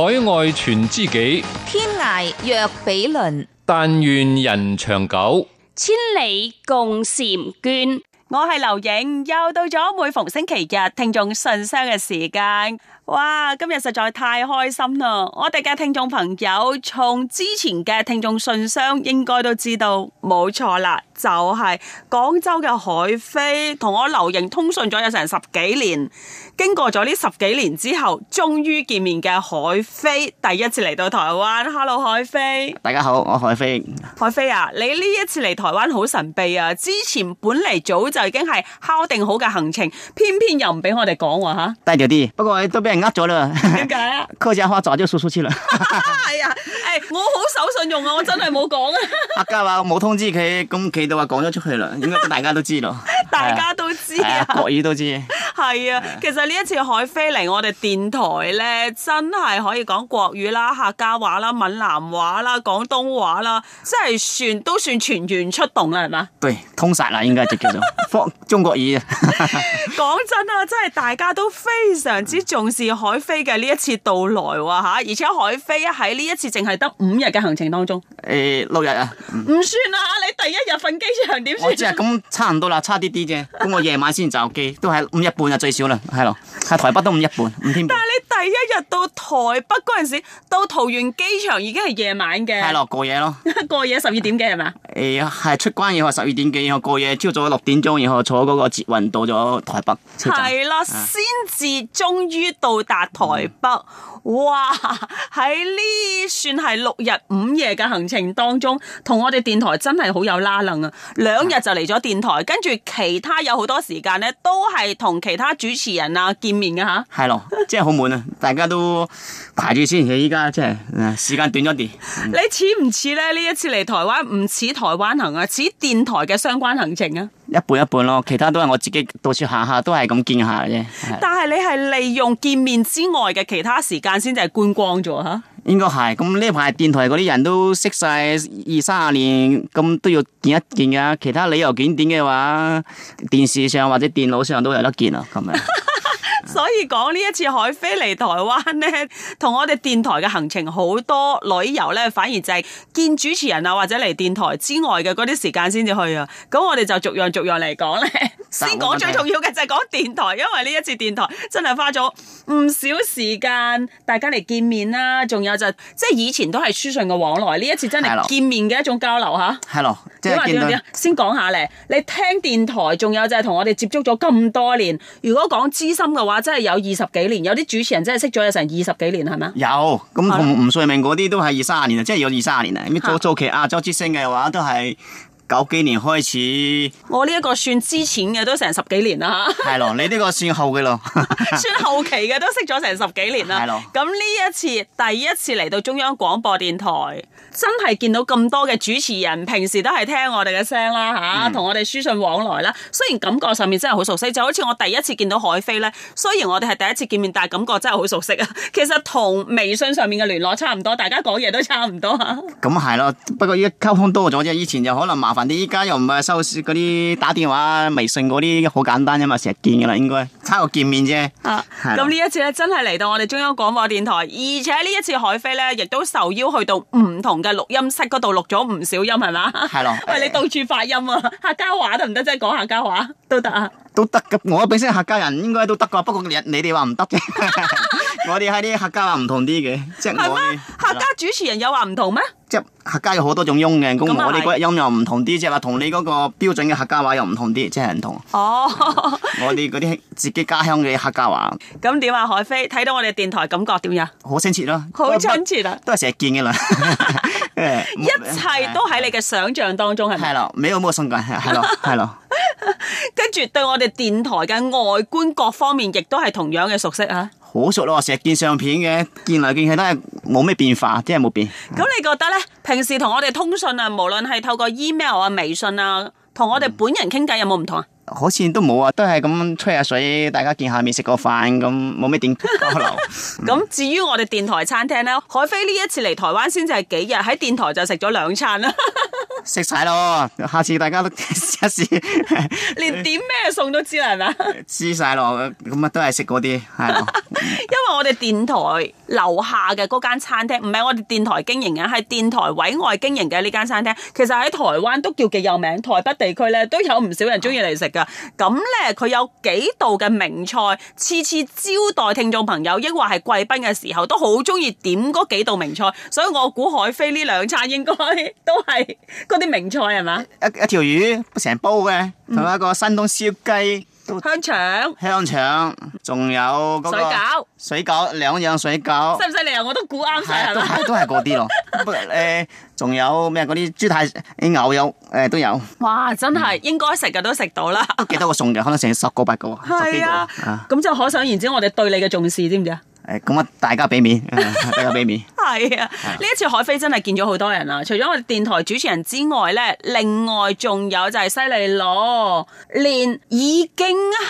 海外存知己，天涯若比鄰。但願人長久，千里共嬋娟。我係劉螢，又到咗每逢星期日聽眾信箱嘅時間。哇，今日實在太開心啦！我哋嘅聽眾朋友，從之前嘅聽眾信箱應該都知道，冇錯啦，就係廣州嘅海飛同我劉螢通訊咗有成十幾年。經過咗呢十幾年之後，終於見面嘅海飛第一次嚟到台灣。Hello，海飛。大家好，我海飛。海飛啊，你呢一次嚟台灣好神秘啊！之前本嚟早就已經係敲定好嘅行程，偏偏又唔俾我哋講喎吓。低調啲。不過都俾人呃咗啦。點解啊？ 客家話早就說出去啦。係啊，誒，我好守信用啊，我真係冇講啊。 阿家話我冇通知佢，咁佢都話講咗出去啦，應該大家都知咯。 大家都知啊，國語都知。係啊，其實呢一次海飛嚟我哋電台咧，真係可以講國語啦、客家話啦、閩南話啦、廣東話啦，真係算都算全員出動啦，係嘛？對，通殺啦，應該就叫做 中國語。講真啊， 真係大家都非常之重視海飛嘅呢一次到來喎，吓！而且海飛喺呢一次淨係得五日嘅行程當中，誒，六日啊？嗯，唔算啊，你第一日瞓機場點算？我知啊，咁差唔多啦，差啲啲啫。咁我夜晚先就機，都係五日半。就最少啦，係咯，喺台北都唔一半，唔天 但係你第一日到台北嗰陣時，到桃園機場已經係夜晚嘅。係咯，過夜咯。 過夜十二點幾係咪啊？誒、呃，係出關以後十二點幾，然後過夜，朝早六點鐘，然後坐嗰個捷運到咗台北。係啦，先至終於到達台北。嗯、哇！喺呢算係六日五夜嘅行程當中，同我哋電台真係好有拉楞啊！兩日就嚟咗電台，跟住其他有好多時間咧，都係同其他其他主持人啊，見面啊，吓， 係咯，即係好悶啊，大家都排住先。而依家即係時間短咗啲。你似唔似咧？呢一次嚟台灣唔似台灣行啊，似電台嘅相關行程啊。一半一半咯，其他都係我自己到處走走下下都係咁見下啫。但係你係利用見面之外嘅其他時間先，至係觀光咗吓。啊應該係咁，呢排電台嗰啲人都識晒二三十年，咁都要見一見㗎。其他旅遊景點嘅話，電視上或者電腦上都有得見啊，咁樣。所以講呢一次海飛嚟台灣咧，同我哋電台嘅行程好多旅遊咧，反而就係見主持人啊，或者嚟電台之外嘅啲時間先至去啊。咁我哋就逐樣逐樣嚟講咧。先講最重要嘅就係講電台，因為呢一次電台真係花咗唔少時間大家嚟見面啦。仲有就即係以前都係書信嘅往來，呢一次真係見面嘅一種交流吓係咯，點點點點先講下咧。你聽電台，仲有就係同我哋接觸咗咁多年。如果講知心嘅話。真係有二十幾年，有啲主持人真係識咗有成二十幾年，係咪？有，咁同吳瑞明嗰啲都係二三十年啊，即係有二三十年啊！做做期亞洲之星嘅話都係，九幾年開始，我呢一個算之前嘅，都成十幾年啦。係咯，你呢個算後嘅咯，算後期嘅，都識咗成十幾年啦。係咯的，咁呢一次第一次嚟到中央廣播電台，真係見到咁多嘅主持人，平時都係聽我哋嘅聲啦吓，同、嗯、我哋書信往來啦。雖然感覺上面真係好熟悉，就好似我第一次見到海飛咧。雖然我哋係第一次見面，但係感覺真係好熟悉啊。其實同微信上面嘅聯絡差唔多，大家講嘢都差唔多啊。咁係咯，不過而家溝通多咗啫，以前就可能麻。你啲依家又唔係收嗰啲打電話、微信嗰啲，好簡單啫嘛，成日見嘅啦，應該。差個見面啫。啊，係。咁呢一次咧，真係嚟到我哋中央廣播電台，而且呢一次海飛咧，亦都受邀去到唔同嘅錄音室嗰度錄咗唔少音，係嘛？係咯。餵！你到處發音啊，客家話得唔得啫？即係講客家話都得啊？都得嘅，我本身客家人應該都得嘅。不過你哋話唔得啫，我哋喺啲客家話唔同啲嘅，即係唔講。客家主持人有話唔同咩？即係客家有好多種音嘅，咁我哋嗰日音又唔同啲，即係話同你嗰個標準嘅客家話又唔同啲，即係唔同。哦、oh.，我哋嗰啲自己家鄉嘅客家話。咁點 啊？海飛，睇到我哋電台感覺點樣？好親切咯，好親切啊！ 切啊都係成日見嘅啦。 一切都喺你嘅想象當中，係咪？ 係咯，你有冇信感，係咯，係咯。跟住對我哋電台嘅外觀各方面，亦都係同樣嘅熟悉啊。好熟咯，成日見相片嘅，見嚟見去都係冇咩變化，真係冇變。咁、嗯、你覺得咧？平時同我哋通訊啊，無論係透過 email 啊、微信啊，同我哋本人傾偈有冇唔同啊？嗯嗯好似都冇啊，都係咁吹下水，大家見下面食個飯咁，冇咩點交流。咁、 嗯、至於我哋電台餐廳呢，海飛呢一次嚟台灣先至係幾日，喺電台就食咗兩餐啦，食晒咯，下次大家都試一試。 連點咩餸都知啦，係咪？知晒咯，咁啊都係食嗰啲係咯。嗯、 因為我哋電台樓下嘅嗰間餐廳，唔係我哋電台經營嘅，係電台委外經營嘅呢間餐廳，其實喺台灣都叫幾有名，台北地區呢都有唔少人中意嚟食嘅。咁呢，佢有幾道嘅名菜，次次招待聽眾朋友，抑或係貴賓嘅時候，都好鍾意點嗰幾道名菜。所以我估海飛呢兩餐應該都係嗰啲名菜，係咪？一一條魚成煲嘅，同埋一個新東燒雞。嗯香腸，香腸，仲有嗰個水餃，水餃兩樣水餃，犀唔犀利啊？我都估啱晒係啦，都係都係嗰啲咯。誒，仲有咩？嗰啲豬太啲牛油，誒都有。哇，真係應該食嘅都食到啦，都幾多個餸嘅，可能成十個八個，十幾個。咁就可想而知，我哋對你嘅重視，知唔知啊？誒，咁啊，大家俾面，大家俾面，係啊！呢一次海飛真係見咗好多人啦，除咗我哋電台主持人之外咧，另外仲有就係西利羅，連已經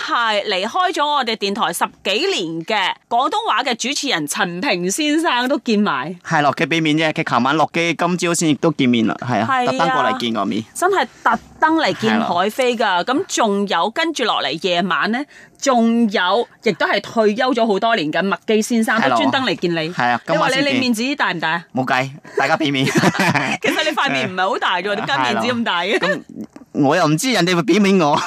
係離開咗我哋電台十幾年嘅廣東話嘅主持人陳平先生都見埋。係咯，佢俾面啫，佢琴晚落機，今朝先亦都見面啦，係啊，特登過嚟見個面。真係特。登嚟見海飛噶，咁仲的有跟住落嚟夜晚咧，仲有亦都係退休咗好多年嘅麥基先生都專的登嚟見你，係啊的，咁話你你，你面子大唔大啊？冇計，大家俾面。 其實你塊面唔係好大嘅，的你跟面子咁大嘅的 我又唔知人哋會俾面我。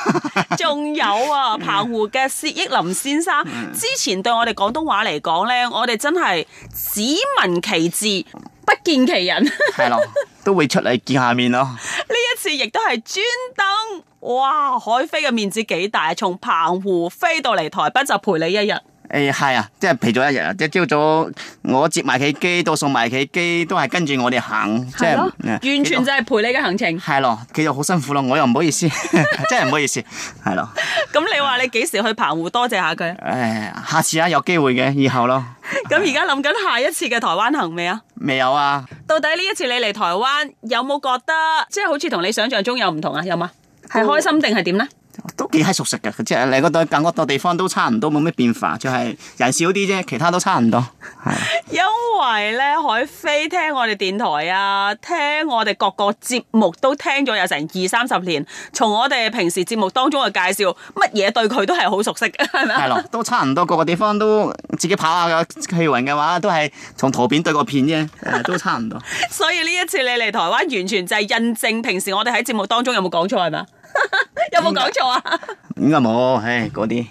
仲 有啊，澎湖嘅薛益林先生， 嗯、之前對我哋廣東話嚟講咧，我哋真係只聞其字。不見其人，係咯，都會出嚟見下面咯。呢 一次亦都係專登，哇！海飛嘅面子幾大啊，從澎湖飛到嚟台北就陪你一日。誒，係啊，即係陪咗一日，即朝早我接埋佢機，到送埋佢機，都係跟住我哋行，即係完全就係陪你嘅行程。係咯，佢又好辛苦咯，我又唔好意思，即係唔好意思，係咯。咁你話你幾時去澎湖多謝下佢？誒，下次啊，有機會嘅，以後咯。咁而家諗緊下一次嘅台灣行未啊？未有啊。到底呢一次你嚟台灣有冇覺得，即係好似同你想象中有唔同啊？有嘛？係開心定係點咧？.都幾係熟悉嘅，即係你嗰度，感覺到地方都差唔多，冇咩變化，就係人少啲啫，其他都差唔多。係因為咧，海飛聽我哋電台啊，聽我哋各個節目都聽咗有成二三十年，從我哋平時節目當中嘅介紹，乜嘢對佢都係好熟悉嘅，係咪啊？係咯，都差唔多，各個地方都自己跑下嘅氣運嘅話，都係從圖片對個片啫，都差唔多。 所以呢一次你嚟台灣，完全就係印證平時我哋喺節目當中有冇講錯，係咪？有冇講錯啊？應該冇，唉，嗰啲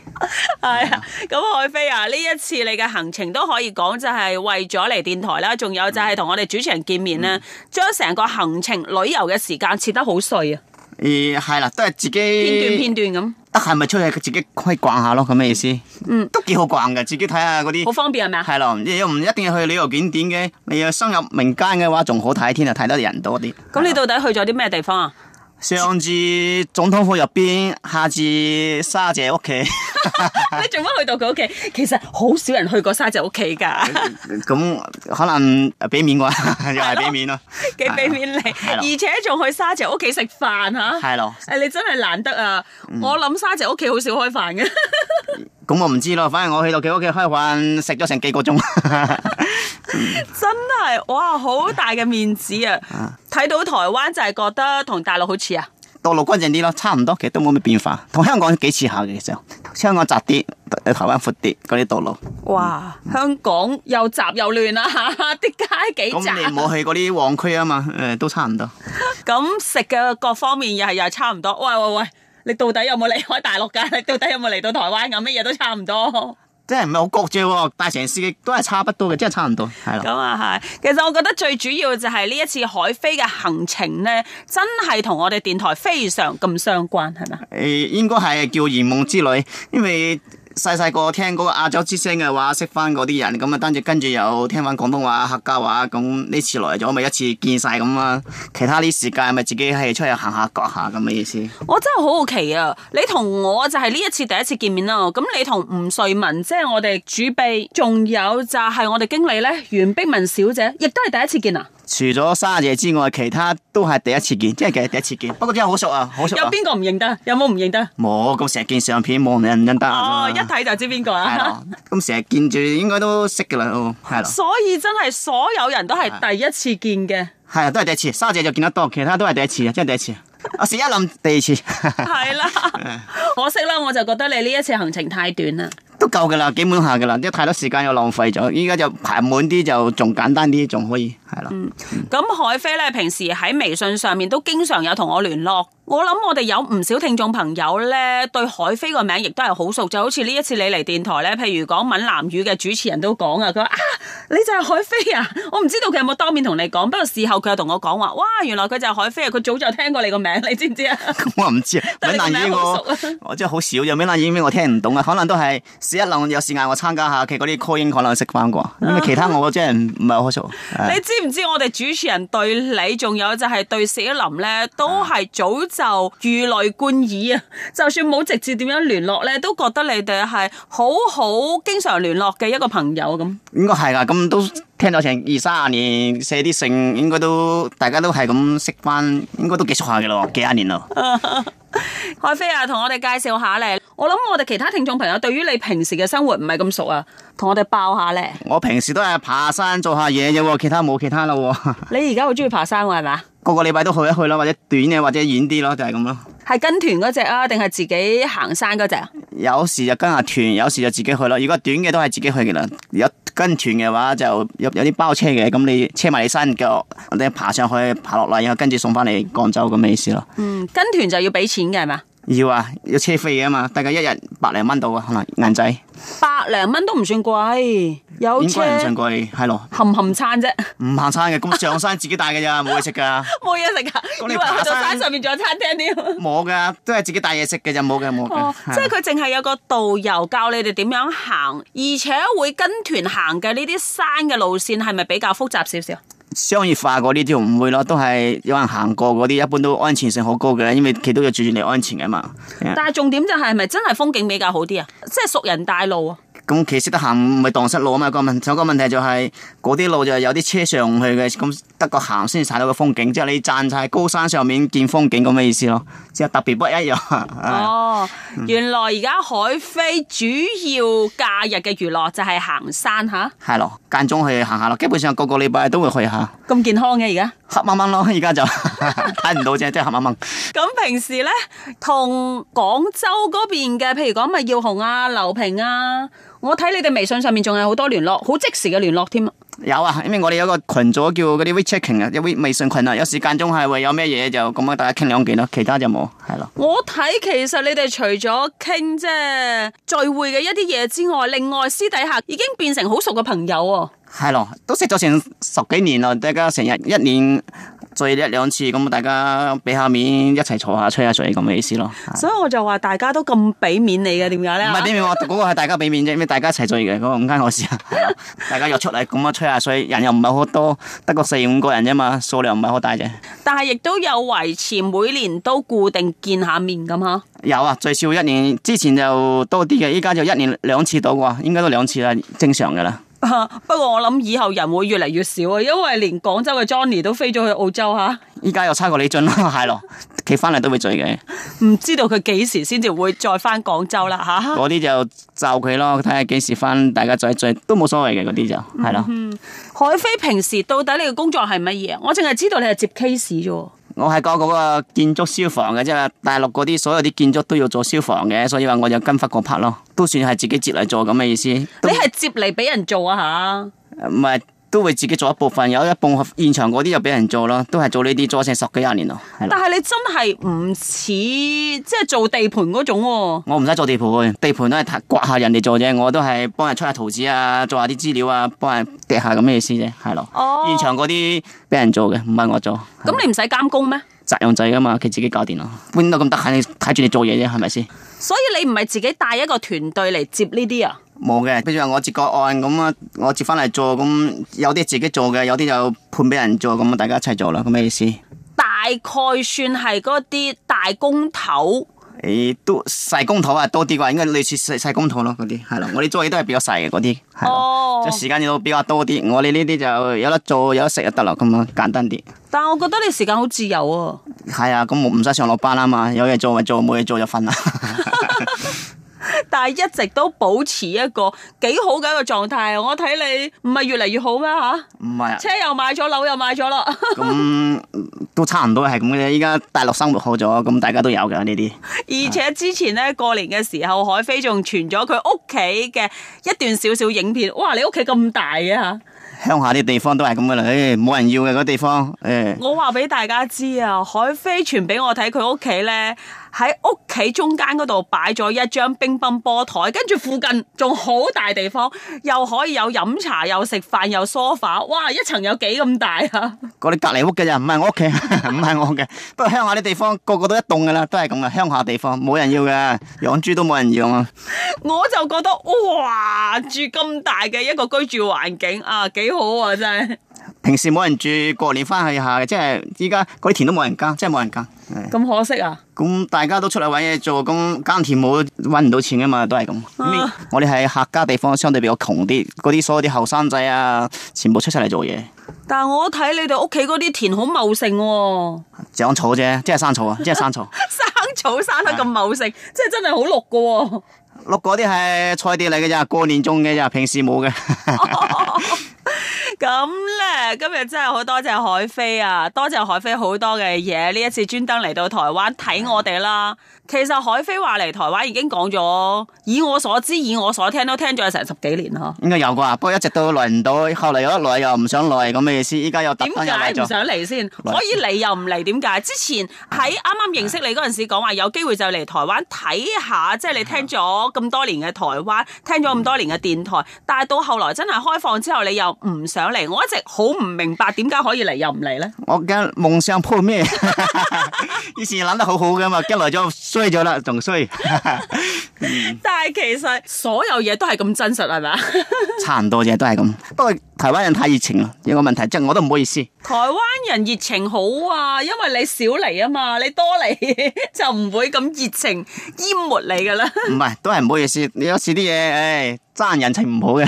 係啊。咁海飛啊，呢一次你嘅行程都可以講，就係為咗嚟電台啦，仲有就係同我哋主持人見面啦，將成個行程旅遊嘅時間切得好碎啊。誒，係啦，都係自己片段片段咁。得閒咪出去自己規逛下咯？咁咩意思？嗯，都幾好逛㗎，自己睇下嗰啲。好方便係咪啊？係咯，又唔一定要去旅遊景點嘅。你又深入民間嘅話，仲好睇添啊，睇得人多啲。咁你到底去咗啲咩地方啊？上至總統府入邊，下至沙姐屋企。 你做乜去到佢屋企？其實好少人去過沙姐屋企噶。咁、 嗯嗯、可能俾面啩，又係俾面咯。幾俾 了了面你，了而且仲去沙姐屋企食飯吓。係咯了。誒，你真係難得啊！嗯、我諗沙姐屋企好少開飯嘅。 咁我唔知咯，反正我去到佢屋企開飯，食咗成幾個鐘。真係，哇，好大嘅面子啊！睇到台灣就係覺得同大陸好似啊。道路乾淨啲咯，差唔多，其實都冇咩變化。同香港幾似下嘅，上香港窄啲，台灣闊啲嗰啲道路。嗯、哇！香港又雜又亂啊，啲街幾窄。咁你冇去嗰啲旺區啊嘛？誒、嗯，都差唔多。咁 食嘅各方面又係又係差唔多。喂喂喂！你到底有冇離開大陸噶？你到底有冇嚟到台灣？咁乜嘢都差唔多，即係唔係好國際，大城市都係差不多嘅，真係差唔多，係啦。咁啊係，其實我覺得最主要就係呢一次海飛嘅行程咧，真係同我哋電台非常咁相關，係咪？誒、呃，應該係叫圓夢之旅，因為。 細細個聽嗰個亞洲之聲嘅話，識翻嗰啲人，咁啊，單止跟住又聽翻廣東話、客家話，咁呢次來咗咪一次見晒咁啊！其他啲時間咪自己係出去行下、逛下咁嘅意思。我真係好好奇啊！你同我就係呢一次第一次見面啦，咁你同吳瑞文，即係我哋主秘，仲有就係我哋經理咧，袁碧文小姐，亦都係第一次見啊！除咗沙姐之外，其他都係第一次見，即係第一次見。 不過真係好熟啊，好熟啊，有邊個唔認得？有冇唔認得？冇，咁成日見相片，冇人唔認得。哦，一睇就知邊個啊。係咯，咁成日見住，應該都識噶啦。係咯。所以真係所有人都係第一次見嘅。係啊，都係第一次。沙姐就見得多，其他都係第一次，真係第一次。 我試一諗第二次。係 啦。 可惜啦，我就覺得你呢一次行程太短啦。都夠嘅啦，幾滿下嘅啦，即係太多時間又浪費咗，依家就排滿啲就仲簡單啲，仲可以係啦。咁、嗯嗯、海飛呢平時喺微信上面都經常有同我聯絡。我諗我哋有唔少聽眾朋友咧，對海飛個名亦都係好熟，就好似呢一次你嚟電台咧，譬如講閩南語嘅主持人都講啊，佢話啊你就係海飛啊，我唔知道佢有冇當面同你講，不過事後佢又同我講話，哇原來佢就係海飛啊，佢早就聽過你個名，你知唔知啊？我唔知啊，閩南語我熟啊我真係好少，因為閩南語我聽唔懂啊，可能都係史一林有時間我參加下，佢嗰啲 call 可能識翻啩，因為其他我真係唔唔係好熟。你知唔知我哋主持人對你，仲有就係對史一林咧，都係早就就如雷貫耳啊！就算冇直接點樣聯絡咧，都覺得你哋係好好經常聯絡嘅一個朋友咁。應該係噶，咁都聽到成二三十年寫啲信，應該都大家都係咁識翻，應該都幾熟下嘅咯，幾廿年咯。海 飛啊，同我哋介紹下咧。我諗我哋其他聽眾朋友對於你平時嘅生活唔係咁熟啊，同我哋爆下咧。我平時都係爬山做下嘢啫，其他冇其他咯。 你而家好中意爬山喎，係咪？個個禮拜都去一去咯，或者短嘅，或者遠啲咯，就係咁咯。係跟團嗰隻啊，定係自己行山嗰隻啊？有時就跟下團，有時就自己去咯。如果短嘅都係自己去嘅啦。有跟團嘅話，就有有啲包車嘅，咁你車埋你山腳，你爬上去，爬落嚟，然後跟住送翻嚟廣州咁嘅意思咯。嗯，跟團就要俾錢嘅係嘛？要啊，要車費啊嘛，大概一日百零蚊到啊，可能銀仔。百零蚊都唔算貴，有車應該唔算貴，係咯。含含餐啫，唔行餐嘅，咁上山自己帶嘅咋，冇嘢食噶。冇嘢食噶，你話去爬山，去到山上面仲有餐廳添？冇噶，都係自己帶嘢食嘅咋，冇嘅冇嘅。哦、係嘅。即係佢淨係有個導遊教你哋點樣行，而且會跟團行嘅呢啲山嘅路線係咪比較複雜少少？商業化嗰啲就唔會咯，都係有人行過嗰啲，一般都安全性好高嘅，因為佢都有注意你安全嘅嘛。但係重點就係、係，係咪真係風景比較好啲啊？即係熟人帶路啊！咁其實得行唔係蕩失路啊嘛，個問，有個問題就係嗰啲路就有啲車上去嘅，咁得個行先睇到個風景，之後你站晒高山上面見風景咁嘅意思咯，之後特別不一樣。哦， 嗯，原來而家海飛主要假日嘅娛樂就係行山吓。係咯，間中去行下咯，基本上個個禮拜都會去下。咁健康嘅而家。黑掹掹咯，呵呵，而家就睇唔到啫，即係 黑掹掹。咁平時咧，同廣州嗰邊嘅，譬如講咪耀紅啊、劉平啊，我睇你哋微信上面仲有好多聯絡，好即時嘅聯絡添啊。有啊，因為我哋有個群組叫嗰啲 wechating 啊，有微信群啊，有時間中係會有咩嘢就咁樣大家傾兩件咯，其他就冇，係咯、啊。我睇其實你哋除咗傾即係聚會嘅一啲嘢之外，另外私底下已經變成好熟嘅朋友喎、啊。係咯，都識咗成十幾年咯，大家成日一年聚一兩次，咁大家俾下面一齊坐下吹下水咁嘅意思咯。所以我就話大家都咁俾面你嘅，點解咧？唔係俾面我，嗰、嗰個係大家俾面啫，咩？ 大家一齊聚嘅嗰個唔關我事 s 啊，係咯，大家又出嚟咁啊，樣吹下水，人又唔係好多，得個四五個人啫嘛，數量唔係好大嘅。但係亦都有維持，每年都固定見下面咁吓。有啊，最少一年之前就多啲嘅，依家就一年兩次到啊，應該都兩次啦，正常嘅啦。啊、不過我諗以後人會越嚟越少啊，因為連廣州嘅 Johnny 都飛咗去澳洲吓。依家又差過李俊咯，係 咯，佢翻嚟都會醉嘅。唔知道佢幾時先至會再翻廣州啦吓。嗰、啊、啲就就佢咯，睇下幾時翻，大家再聚都冇所謂嘅嗰啲就係咯。嗯，海飛平時到底你嘅工作係乜嘢？我淨係知道你係接 case 啫。我係搞嗰個建築消防嘅啫，大陸嗰啲所有啲建築都要做消防嘅，所以話我就跟返過拍咯，都算係自己接嚟做咁嘅意思。你係接嚟俾人做啊吓？唔係。呃都會自己做一部分，有一半現場嗰啲就俾人做咯，都係做呢啲做成十幾廿年咯。但係你真係唔似即係做地盤嗰種喎。啊，我唔使做地盤，地盤都係刮下人哋做啫，我都係幫人出下圖紙啊，做下啲資料啊，幫人趯下咁咩意思啫，係咯。哦，現場嗰啲俾人做嘅，唔係我做。咁你唔使監工咩？責任仔噶嘛，佢自己搞掂咯，搬到咁得閒，你睇住你做嘢啫，係咪先？所以你唔係自己帶一個團隊嚟接呢啲啊？冇嘅，譬如話我接個案咁啊，我接翻嚟做咁，有啲自己做嘅，有啲就判俾人做咁啊，大家一齊做啦，咁嘅意思。大概算係嗰啲大工頭。誒、欸，都細工頭啊，多啲啩，應該類似細細工頭咯，嗰啲係咯，我哋做嘢都係比較細嘅嗰啲，係啊，即係、哦、時間要比較多啲，我哋呢啲就有得做有得食就得啦，咁樣簡單啲。但我覺得你時間好自由啊。係啊，咁我唔使上落班啦嘛，有嘢做咪做，冇嘢做就瞓啦。 但係一直都保持一個幾好嘅一個狀態，我睇你唔係越嚟越好咩吓？唔係、啊，車又買咗，樓又買咗啦。咁 都差唔多係咁嘅啫。依家大陸生活好咗，咁大家都有㗎呢啲。而且之前咧過年嘅時候，海飛仲傳咗佢屋企嘅一段少少影片。哇，你屋企咁大嘅、啊、吓？鄉下啲地方都係咁噶啦，唉、哎，冇人要嘅嗰、那個、地方，唉、哎。我話俾大家知啊，海飛傳俾我睇佢屋企咧。喺屋企中間嗰度擺咗一張乒乓波台，跟住附近仲好大地方，又可以有飲茶，又食飯，又梳化。f 哇！一層有幾咁大啊！嗰啲隔籬屋嘅人唔係我屋企，唔係我嘅，不過鄉 下啲地方個個都一棟噶啦，都係咁嘅，鄉下地方冇人要嘅，養豬都冇人要。啊！ 我就覺得哇，住咁大嘅一個居住環境啊，幾好啊，真係！平時冇人住，過年翻去下嘅，即係依家嗰啲田都冇人耕，即係冇人耕。咁可惜啊！咁大家都出嚟搵嘢做，咁耕田冇搵唔到錢噶嘛，都係咁。啊、我哋係客家地方，相對比較窮啲，嗰啲所有啲後生仔啊，全部出晒嚟做嘢。但係我睇你哋屋企嗰啲田好茂盛喎、哦，長草啫，即係生草啊，即係生草。即係生草、即係生草 生草生得咁茂盛，即係是真係好綠噶。綠嗰啲係菜地嚟嘅咋，過年種嘅咋，平時冇嘅。 咁咧，今日真係好多謝海飛啊，多謝海飛好多嘅嘢。呢一次專登嚟到台灣睇我哋啦。的其實海飛話嚟台灣已經講咗，以我所知，以我所聽都聽咗成十幾年啦。應該有啩，不過一直都來唔到。後嚟又一來又唔想來，咁咩意思？依家又突然間又嚟咗。點解唔想嚟先？來可以嚟又唔嚟，點解？之前喺啱啱認識你嗰陣時，講話有機會就嚟台灣睇下，即係的你聽咗咁多年嘅台灣，的聽咗咁多年嘅電台，的但係到後來真係開放之後，你又唔想。嚟，我一直好唔明白點解可以嚟又唔嚟咧？我驚夢想破滅？ 以前諗得好好嘅嘛，驚來咗衰咗啦，仲衰。 嗯、但係其實所有嘢都係咁真實係咪？差唔 多啫，都係咁。不過台灣人太熱情啦，有、這個問題，真係我都唔好意思。台灣人熱情好啊，因為你少嚟啊嘛，你多嚟就唔會咁熱情淹沒你噶啦。唔係，都係唔好意思。你有時啲嘢，誒、哎，爭人情唔好嘅，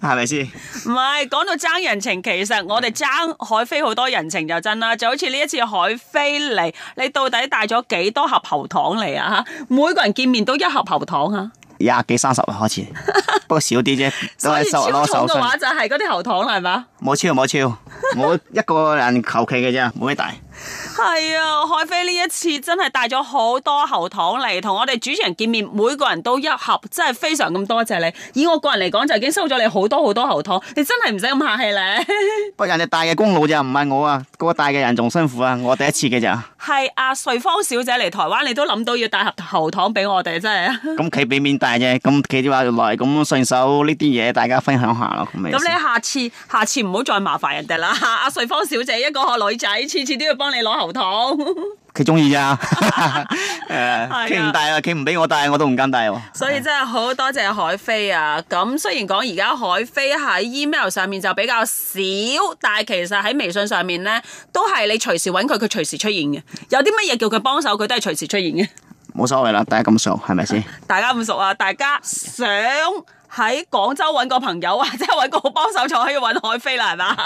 係咪先？唔係，講到爭人情，其實我哋爭海飛好多人情就真啦。就好似呢一次海飛嚟，你到底帶咗幾多盒喉糖嚟啊？每個人見面都一盒喉糖啊！廿幾三十啊，開始 不過少啲啫，都係收攞手。稅。超重嘅話，收收就係嗰啲喉糖係嘛？冇超冇超，超 我一個人求其嘅啫，冇咩大。係啊，海飛呢一次真係帶咗好多喉糖嚟，同我哋主持人見面，每個人都一盒，真係非常咁多謝你。以我個人嚟講，就已經收咗你好多好多喉糖，你真係唔使咁客氣咧。 不過人哋帶嘅功勞就唔係我啊，嗰、嗰個帶嘅人仲辛苦啊，我第一次嘅咋係阿瑞芳小姐嚟台灣，你都諗到要帶盒喉糖俾我哋，真係。咁佢俾面帶啫，咁佢就話來咁順手呢啲嘢，大家分享下咯。咁你下次下次唔好再麻煩人哋啦。阿、啊、瑞芳小姐一個女仔，次次都要幫你攞喉。唔同佢中意啫，誒，佢唔帶啊，佢唔俾我帶，我都唔敢帶喎。所以真係好多謝海飛啊！咁雖然講而家海飛喺 email 上面就比較少，但係其實喺微信上面咧，都係你隨時搵佢，佢隨時出現嘅。有啲乜嘢叫佢幫手，佢都係隨時出現嘅。冇 所謂啦，大家咁熟，係咪先？是是 大家咁熟啊，大家想。喺廣州揾個朋友或者揾個好幫手，可就可以揾海飛啦，係嘛？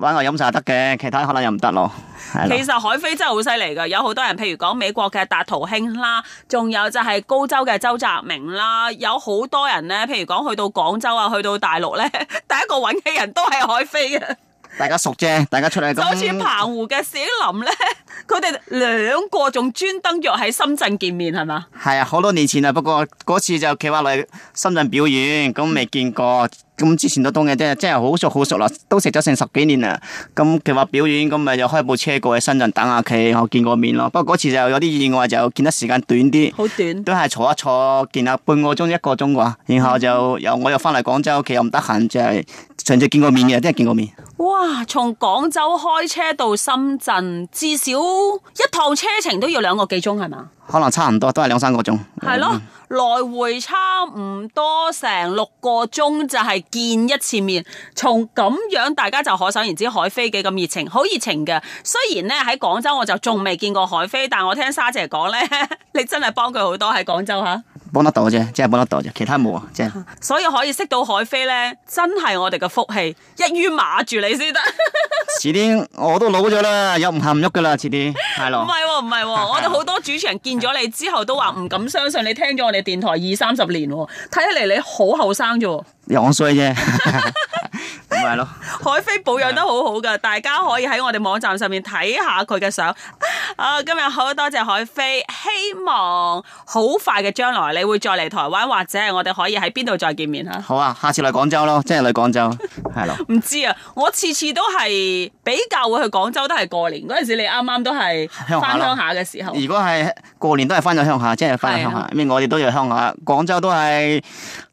揾我飲晒就得嘅，其他可能又唔得咯。其實海飛真係好犀利噶，有好多人，譬如講美國嘅達濤興啦，仲有就係高州嘅周澤明啦，有好多人咧，譬如講去到廣州啊，去到大陸咧，第一個揾嘅人都係海飛嘅。大家熟啫，大家出嚟。好似澎湖嘅小林咧。 佢哋兩個仲專登約喺深圳見面係嘛？係啊，好多年前啊。不過嗰次就佢話嚟深圳表演，咁未見過。咁 之前都當嘅啫，真係好熟好熟啦，都食咗成十幾年啦。咁佢話表演，咁咪又開部車過去深圳等下佢，然後見過面咯。 不過嗰次就有啲意外，就見得時間短啲，好 短，都係坐一坐，見下半個鐘一個鐘啩。然後就由我又翻嚟廣州，佢，又唔得閒，就係、是。上次見過面嘅，真係見過面。哇！從廣州開車到深圳，至少一趟車程都要兩個幾鐘係嘛？可能差唔多，都係兩三個鐘。係咯的，來回差唔多成六個鐘就係見一次面。從咁樣大家就可想而知，海飛幾咁熱情，好熱情嘅。雖然呢，喺廣州我就仲未見過海飛，但我聽沙姐講呢， 你真係幫佢好多喺廣州嚇。幫得到啫，即係幫得到啫，其他冇啊，即係。所以可以識到海飛咧，真係我哋嘅福氣， 一於碼住你先得。遲啲我都老咗啦，又唔行唔喐噶啦，遲啲係咯。唔係喎，唔係、哦、 我哋好多主持人見咗你之後都話唔敢相信你， 你聽咗我哋電台二三十年喎、哦，睇起嚟你好後生啫。廿歲啫。係咯，海飛保養得好好噶，的大家可以喺我哋網站上面睇下佢嘅相。啊，今日好多謝海飛，希望好快嘅將來你會再嚟台灣，或者我哋可以喺邊度再見面啊？好啊，下次嚟廣州咯，即係嚟廣州係咯。唔 的知啊，我次次都係比較會去廣州，都係過年嗰陣時，你啱啱都係翻鄉下嘅時候。如果係過年都係翻咗鄉下，即係翻咗鄉下，的我哋都要鄉下。廣州都係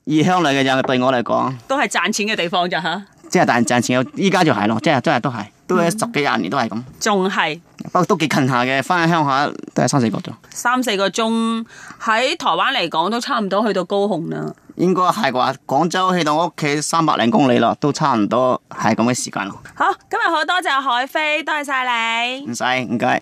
異鄉嚟嘅人，對我嚟講，都係賺錢嘅地方咋吓？即係大人賺錢，依家就係咯，即係今日都係，都十幾廿年都係咁，仲係。不過都幾近下嘅，翻去鄉下都係三四個鐘。三四個鐘喺台灣嚟講都差唔多去到高雄啦。應該係啩？廣州去到我屋企三百零公里咯，都差唔多係咁嘅時間咯。好，今日好多謝海飛，多謝晒你。唔使，唔該。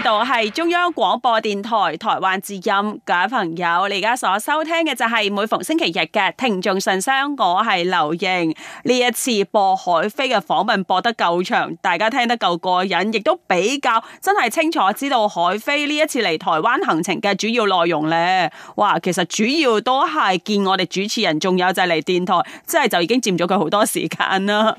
呢度係中央廣播電台台灣之音，各位朋友，你而家所收聽嘅就係每逢星期日嘅聽眾信箱。我係劉螢，呢一次播海飛嘅訪問播得夠長，大家聽得夠過癮，亦都比較真係清楚知道海飛呢一次嚟台灣行程嘅主要內容咧。哇，其實主要都係見我哋主持人，仲有就係嚟電台，即係就已經佔咗佢好多時間啦。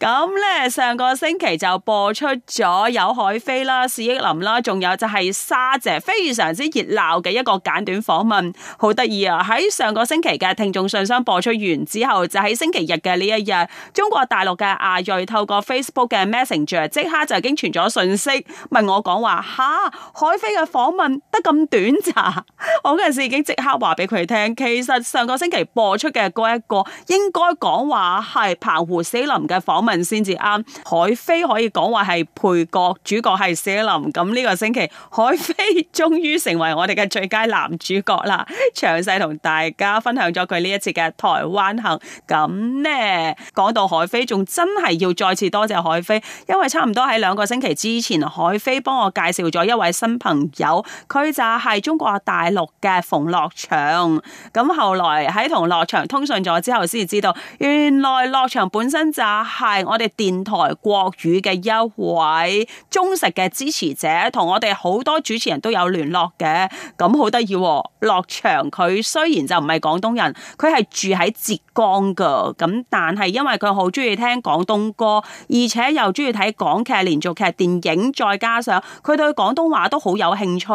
咁咧，上個星期就播出咗有海飛啦，史憶林。仲有就係沙姐，非常之熱鬧嘅一個簡短訪問，好得意啊！喺上個星期嘅聽眾信箱播出完之後，就喺星期日嘅呢一日，中國大陸嘅阿瑞透過 Facebook 嘅 Messenger 即刻就已經傳咗信息問我講話吓，海飛嘅訪問得咁短咋啊？我陣時已經即刻話俾佢聽，其實上個星期播出嘅一個應該講話係澎湖死林嘅訪問先至啱，海飛可以講話係配角，主角係死林咁。呢個星期，海飛終於成為我哋嘅最佳男主角啦！詳細同大家分享咗佢呢一次嘅台灣行。咁咧，講到海飛，仲真係要再次多謝海飛，因為差唔多喺兩個星期之前，海飛幫我介紹咗一位新朋友，佢就係中國大陸嘅馮樂祥。咁後來喺同樂祥通訊咗之後，先至知道原來樂祥本身就係我哋電台國語嘅一位忠實嘅支持者。同我哋好多主持人都有聯絡嘅，咁好得意喎。落場，佢雖然就唔係廣東人，佢係住喺浙江噶，咁但係因為佢好中意聽廣東歌，而且又中意睇港劇、連續劇、電影，再加上佢對廣東話都好有興趣，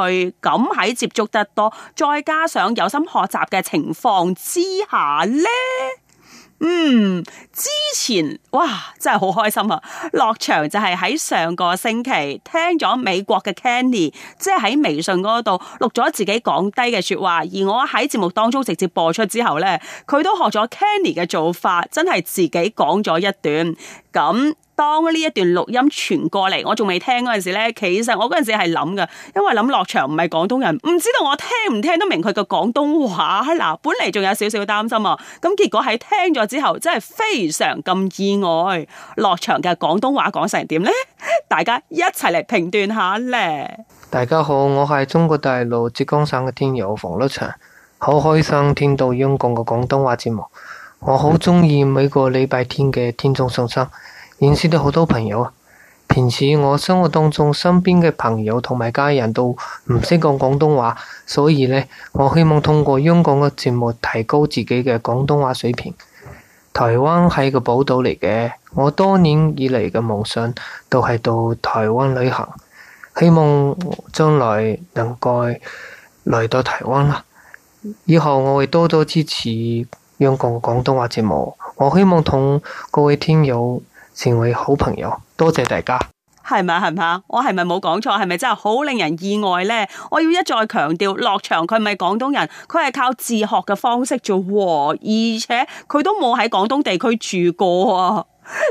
咁喺接觸得多，再加上有心學習嘅情況之下呢。嗯，之前哇，真係好開心啊！落場就係喺上個星期聽咗美國嘅 Kenny，即係喺微信嗰度錄咗自己講低嘅說話，而我喺節目當中直接播出之後呢，佢都學咗 Kenny 嘅做法，真係自己講咗一段咁。當呢一段錄音傳過嚟，我仲未聽嗰陣時咧，其實我嗰陣時係諗噶，因為諗落場唔係廣東人，唔知道我聽唔聽得明佢嘅廣東話。嗱，本嚟仲有少少擔心啊，咁結果喺聽咗之後，真係非常咁意外。落場嘅廣東話講成點呢？大家一齊嚟評斷下咧。大家好，我係中國大陸浙江省嘅天友房德祥，好開心聽到央廣嘅廣東話節目。我好中意每個禮拜天嘅天縱送生。認識到好多朋友啊！平時我生活當中，身邊嘅朋友同埋家人都唔識講廣東話，所以呢，我希望通過央廣嘅節目提高自己嘅廣東話水平。台灣係個寶島嚟嘅，我多年以嚟嘅夢想都係到台灣旅行，希望將來能夠嚟到台灣啦。以後我會多多支持央廣廣東話節目。我希望同各位聽友成為好朋友，多謝大家。係咪啊？係唔係啊？我係咪冇講錯？係咪真係好令人意外呢？我要一再強調，落場佢唔係廣東人，佢係靠自學嘅方式做和，而且佢都冇喺廣東地區住過啊！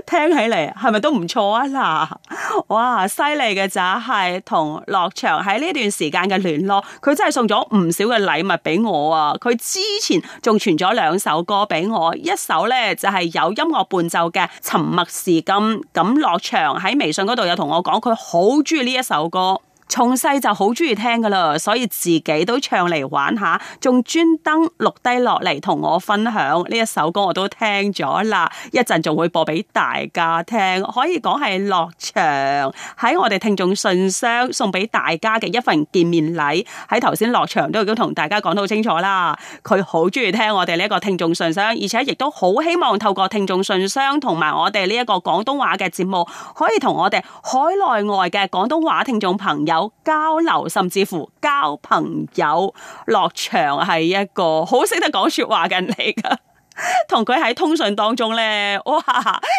聽起嚟，係咪都唔錯啊。嗱，哇，犀利嘅就係同樂祥喺呢段時間嘅聯絡，佢真係送咗唔少嘅禮物俾我啊！佢之前仲傳咗兩首歌俾我，一首呢就係有音樂伴奏嘅《沉默是金》，咁樂祥喺微信嗰度有同我講，佢好中意呢一首歌。從細就好中意聽噶啦，所以自己都唱嚟玩下，仲專登錄低落嚟同我分享呢一首歌，我都聽咗啦。一陣仲會播俾大家聽，可以講係樂場喺我哋聽眾信箱送俾大家嘅一份見面禮。喺頭先樂場都已經同大家講得好清楚啦，佢好中意聽我哋呢一個聽眾信箱，而且亦都好希望透過聽眾信箱同埋我哋呢一個廣東話嘅節目，可以同我哋海內外嘅廣東話聽眾朋友交流甚至乎交朋友，落場係一個好識得講說話嘅人嚟噶，同佢喺通訊當中咧，哇！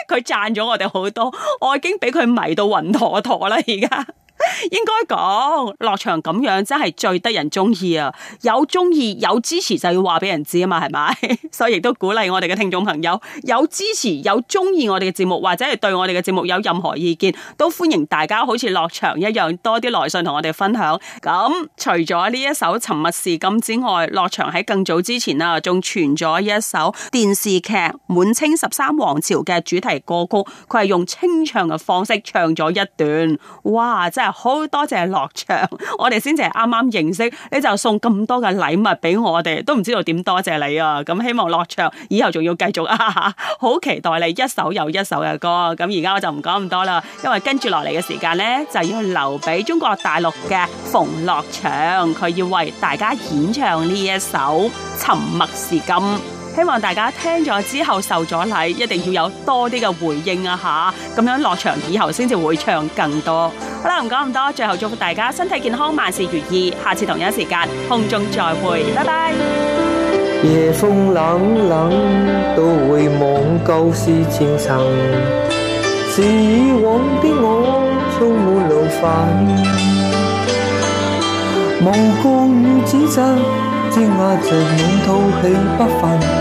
佢讚咗我哋好多，我已經俾佢迷到暈坨坨啦，而家。 應該講落祥咁樣真係最得人中意啊！有中意有支持就要話俾人知啊嘛，係咪？ 所以亦都鼓勵我哋嘅聽眾朋友有支持有中意我哋嘅節目，或者係對我哋嘅節目有任何意見，都歡迎大家好似落祥一樣多啲來信同我哋分享。咁除咗呢一首《沉默是金》之外，樂祥喺更早之前啊，仲傳咗一首電視劇《滿清十三王朝》嘅主題歌曲，佢係用清唱嘅方式唱咗一段，哇！真係～好多謝樂祥，我哋先至係啱啱認識，你就送咁多嘅禮物俾我哋，都唔知道點多謝你啊！咁希望樂祥以後仲要繼續，啊，好期待你一首又一首嘅歌。咁而家我就唔講咁多啦，因為跟住落嚟嘅時間呢，就要留俾中國大陸嘅馮樂祥，佢要為大家演唱呢一首《沉默是金》。希望大家聽咗之後受咗禮，一定要有多啲嘅回應啊！嚇，咁樣落場以後先至會唱更多。好啦，唔講咁多，最後祝福大家身體健康，萬事如意。下次同一時間空中再會，拜拜。夜風冷冷，獨回望舊事前塵，是以往的我，充滿怒憤。誣告與指責，積壓著滿肚氣不憤。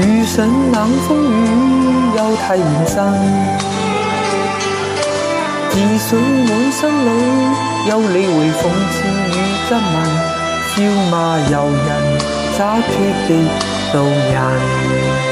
遇上冷風雨，休太認真；自信滿心裏，休理會諷刺與質問。笑罵由人，灑脱地做人。